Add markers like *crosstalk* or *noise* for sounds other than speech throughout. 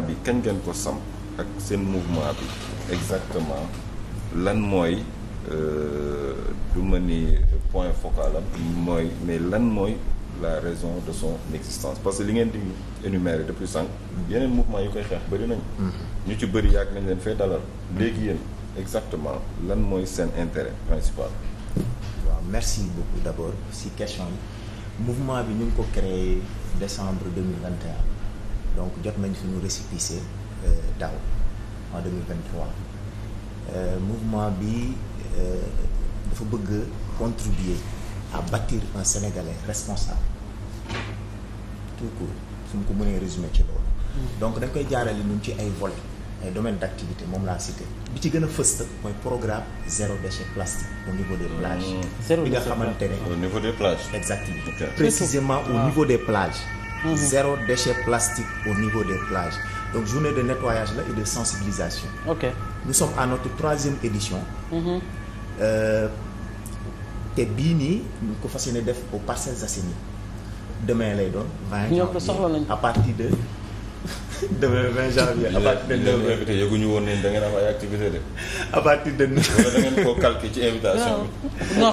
débat bi kañ ngeen ko samp ak seen mouvement bi exactement lan mooy euh, du ma ni point focal am mooy mais lan mooy la raison de son existence parce que li ngeen di de depuis sànq yeneen mouvement yu koy xeex bëri nañ mm-hmm. ñu ci bëri yàgg nañ leen fee dalal léegi yéen exactement lan mooy seen intérêt principal waaw merci beaucoup d'abord si question yi mouvement bi ñu ngi ko créé décembre 2021 donc jot nañ suñu récépissé euh, daaw en 2023 euh, mouvement bi euh, dafa bëgg contribuer à bâtir un Sénégalais responsable tout court su ma ko mënee résumé ci loolu. Mm. donc dañ koy jaarale ñun ci ay volets ay domaines d' activité moom laa cité. bi ci gën a fës mooy programme zéro déchet plastique au niveau des plages. zéro nga xamante ne. au niveau des plages. exactement okay. précisément au niveau des plages. Mmh. Zéro déchet plastique au niveau des plages. Donc journée de nettoyage là et de sensibilisation. OK. Nous sommes à notre troisième édition. Mmh. Euh, te bii nii ñu ko fas yéene def aux Parcelles Assainies demain lay doon. vingt janvier à partir de. demain 20 janvier. à de 9 invité yëguñu woon ci invitation bi. non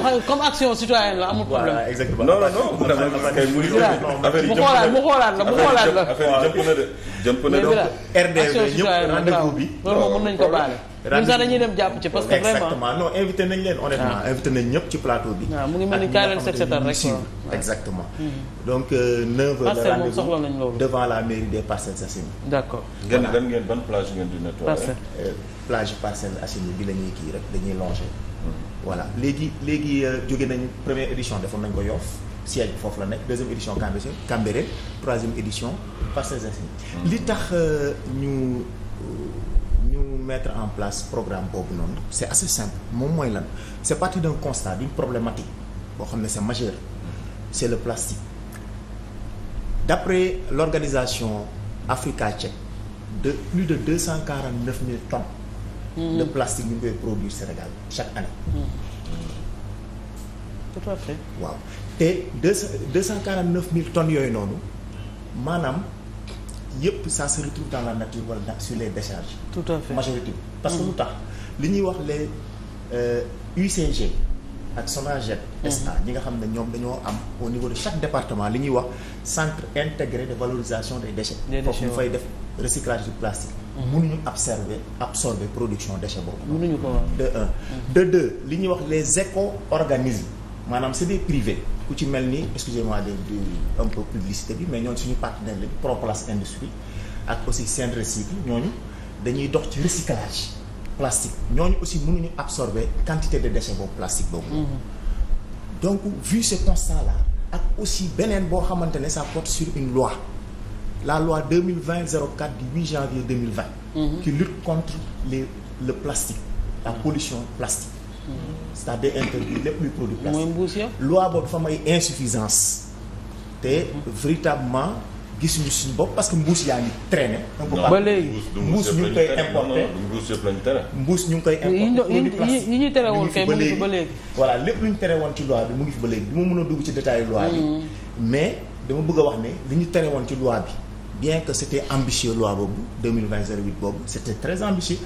la amul problème. voilà exactement. non kay mu xoolaat mu xoolaat la mu xoolaat la. affaire yi jëmp na de. jëmp na donc RDV ñëpp rendez bi. loolu moom mën nañu ko baale. ñun sax dañuy dem jàpp ci parce que vraiment exactement non invité nañ leen honnêtement ah. invité nañ ñëpp ah, hmm. euh, de rendez devant la mairie des Parcelles Assainies d'accord ngeen ngeen ban plage ngeen di nettoyer euh, plage Parcelles Assainies bi la kii rek dañuy longer hmm. voilà léegi léegi euh, jóge nañ première édition defoon nañ ko Yoff siège bi foofu la nekk deuxième édition Cambérène Cambérène troisième hmm. li tax ñu mettre en place programme boobu noonu c' est assez simple moom mooy lan c' est parti d' un constat d' une problématique boo xam ne c' majeur c' est le plastique d' après organisation Africa Check de plus de deux cent quarante neuf mille tonnes. de hmm. plastique Sénégal chaque année. Hmm. tout à fait. waaw te mille tonnes yooyu noonu maanaam. yëpp ça se retrouve dans la nature wala sur les décharges. tout à fait majorité bi parce que lu mmh. tax li ñuy wax les UCG euh, ak SONAGED. Mmh. SA ñi nga xam ne ñoom dañoo am au niveau chaque département li ñuy wax centre intégré de valorisation des déchets. foofu ñu fay def recyclage du plastique. mënuñu absorber absorber production déchet boobu. mënuñu ko de un. Mmh. de li ñuy wax les éco organismes. maanaam c'est des privés ku ci mel ni excusez-moi de de un publicité bi mais ñoo suñu partenaire lañu Proplace Industrie ak aussi Sen Recycle ñooñu dañuy dox ci recyclage plastique ñooñu aussi mënuñu absorber quantité de déchets boobu plastique boobu. Mm-hmm. donc vu ce constat là ak aussi beneen boo xamante ne ça porte sur une loi la loi 2020 04 du 8 janvier 2020. Mm-hmm. qui lutte contre les le plastique la pollution plastique. c'est-à-dire interdit lépp luy produit plastique loi boobu dafa am ay insuffisance te véritablement gisuñu suñu bopp parce que mbuus yaa ngi traîner. ba léegi mbuus ñu ngi koy importer mbuus ñu ngi koy importer yi ñu tere woon kay mu ngi fi ba léegi. voilà lépp lu ñu tere woon ci loi bi ngi fi ba léegi du ma mën a dugg ci détail loi bi. Mm-hmm. mais dama bëgg a wax ne li ñu tere woon ci loi bi bien que c' était ambitieux loi boobu 2020 08 boobu c' était très ambitieux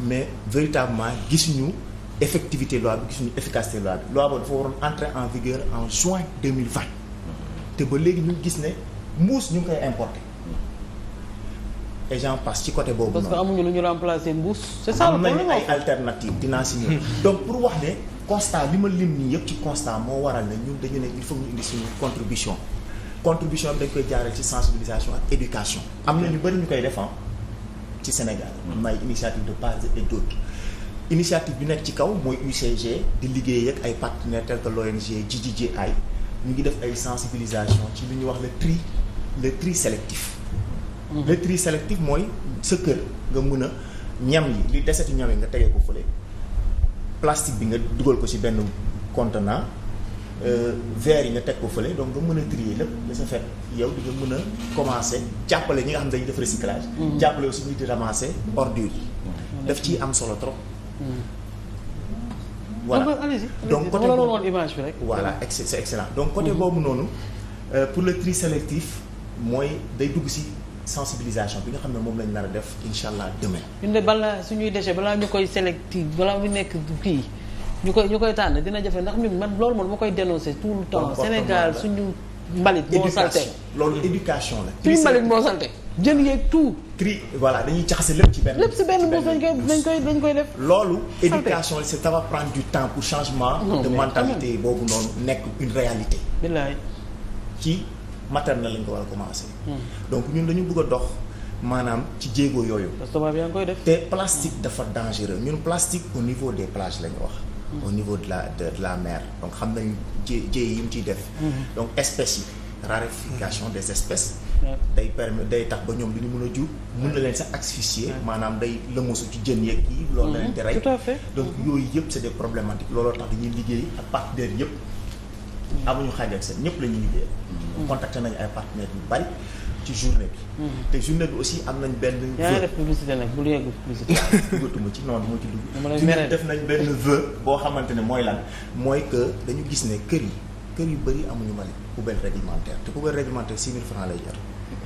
mais véritablement gisuñu. effectivité loi bi gisuñu efficacité loi bi loi boobu dafa waroon entrer en vigueur en juin 2020 te ba léegi ñu gis ne mbuus ñu ngi koy importer et j'en passe ci côté boobu. parce que amuñu lu ñu remplacer mbuus. c'est ça am nañu ay alternative dinaa si ñëw hmm. donc pour wax ne constat li ma lim nii yëpp ci constat moo waral ne ñun dañu ne il faut ñu indi suñu contribution contribution dañ koy jaarale ci sensibilisation ak éducation. am na ñu bëri ñu koy defar ah, ci Sénégal. Hmm. am na ay initiative de base et d'autres. initiative bi nekk ci kaw mooy UCG di liggéey ak ay partenaires tels que l'ONG ay ñu ngi def ay sensibilisation ci li ñuy wax le tri le tri sélectif. le tri sélectif mooy sa kër nga mën a ñam yi li desetu ñam yi nga tegee ko fële plastique bi nga dugal ko ci benn contenant euh, verre yi nga teg ko fële donc nga mën a trier lépp de ce fet yow di nga mën a commencer jàppale ñi nga xam ne dañuy def recyclage. jàppale aussi ñuy di ramasser ordures yi. def ci am solo trop. Hmm. voilà donc côté boobu image bi rek. voilà c'est excellent donc côté hmm. boobu noonu euh, pour le tri sélectif mooy day dugg ci sensibilisation bi nga xam ne moom lañ nar a def incha allah demain. ñun de balaa suñuy déchet balaa ñu koy sélectif balaa mu nekk kii ñu koy ñu koy tànn dina jafe ndax ñun man loolu moom ma koy dénoncer tout le temps Sénégal suñu mbalit moo loolu éducation la. suñu mbalit moo salte. jën yeeg tout. tri voilà dañuy jaxase lépp ci benn. lépp ci benn mbuus dañ koy dañ koy dañ koy def. loolu éducation ça va prendre du temps pour changement. Non, de mentalité boobu noonu nekk une réalité. billaay ci maternelle lañ ko war a commencer. Hmm. donc ñun dañu bëgg a dox maanaam ci jéego yooyu. yaa ngi koy def. te plastique dafa dangereux ñun plastique au niveau des plages lañu wax. Hmm. au niveau de la de, de la mer donc xam nañ jé jéey yi ñu ciy def. Hmm. donc espèces yi raréfaction des espèces. day permettre day tax ba ñoom du ñu mën a jur mun na leen sax asphyxier maanaam day lëmasu ci jën yeeg kii loolu la leen di mhm. rey donc yooyu yëpp c'est des problématiques looloo tax dañuy liggéey ak partenaires yëpp mhm. amuñu xaaj ak seen ñëpp la ñuy liggéey mhm. contacté nañu ay partenaires yu bari ci journée bi te journée bi aussi am nañ benn yaa def publicité nag bul yegg publicité *laughs* duggatuma ci non du ma ci dugg def nañ benn vœu boo xamante ne mooy lan mooy que dañu gis ne kër yi kër yu bëri amuñu mali poubelle réglementaire te poubelle réglementaire six mille francs lay jar.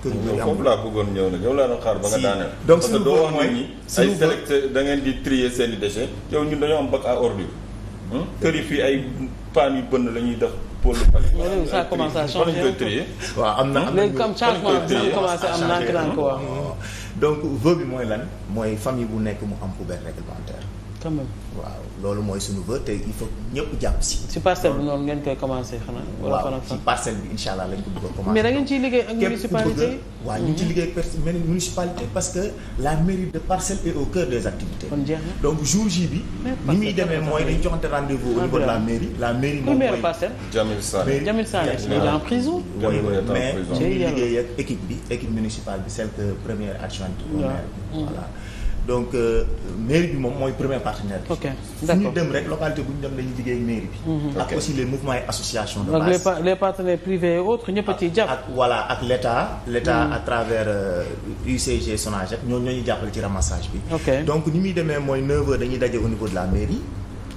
kër yu bëri amuñu foofu laa bëggoon ñëw na ñëw laa doon ba nga daaneel. donc suñu doo wax nit ñi di trie seeni i yow ñu dañoo am bac à ordure. Hmm? kër yi fii ay paan yu bënn la ñuy def. pôle Palais. ça commence à changer hmm? am na am na comme changement bi ah, oh. bi mooy lan mooy famille bu nekk mu am poubelle réglementaire quand waaw loolu mooy sunu vœu te il faut ñëpp jàpp si. si parcelle bi noonu ngeen koy commencé xanaa. wala fan ak fan waaw si parcelle bi incha allah lañ ko bëgg a commencé. mais da ngeen liggéey ak municipalité parce que la mairie de parcelle est au cœur des activités. kon jeex na donc jour J bi. ni muy demee mooy dañu joxante rendez au niveau de la mairie. la mairie moom mooy parcelle. Jamil Sané en prison. mais ñu ngi liggéey ak équipe bi équipe municipale bi celle que première adjointe au donc euh, mairie bi moom mooy premier partenaire bi. ok ñu dem rek localité bu ñu dem dañuy liggéey ak mairie bi. Mhm. ak aussi les mouvements et associations de base. donc les, par les partenaires privés a ciy jàpp. ak voilà ak l'État. l'État mhm. à travers UCG euh, Sonaged ñoo ñoo ñu jàppale ci ramassage bi. ok donc ni muy demee mooy 9h dañuy daje au niveau de la mairie.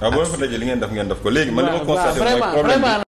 Ah, ak waaw boo fa dajee li ngeen def ngeen def ko léegi man li ma constaté mooy problème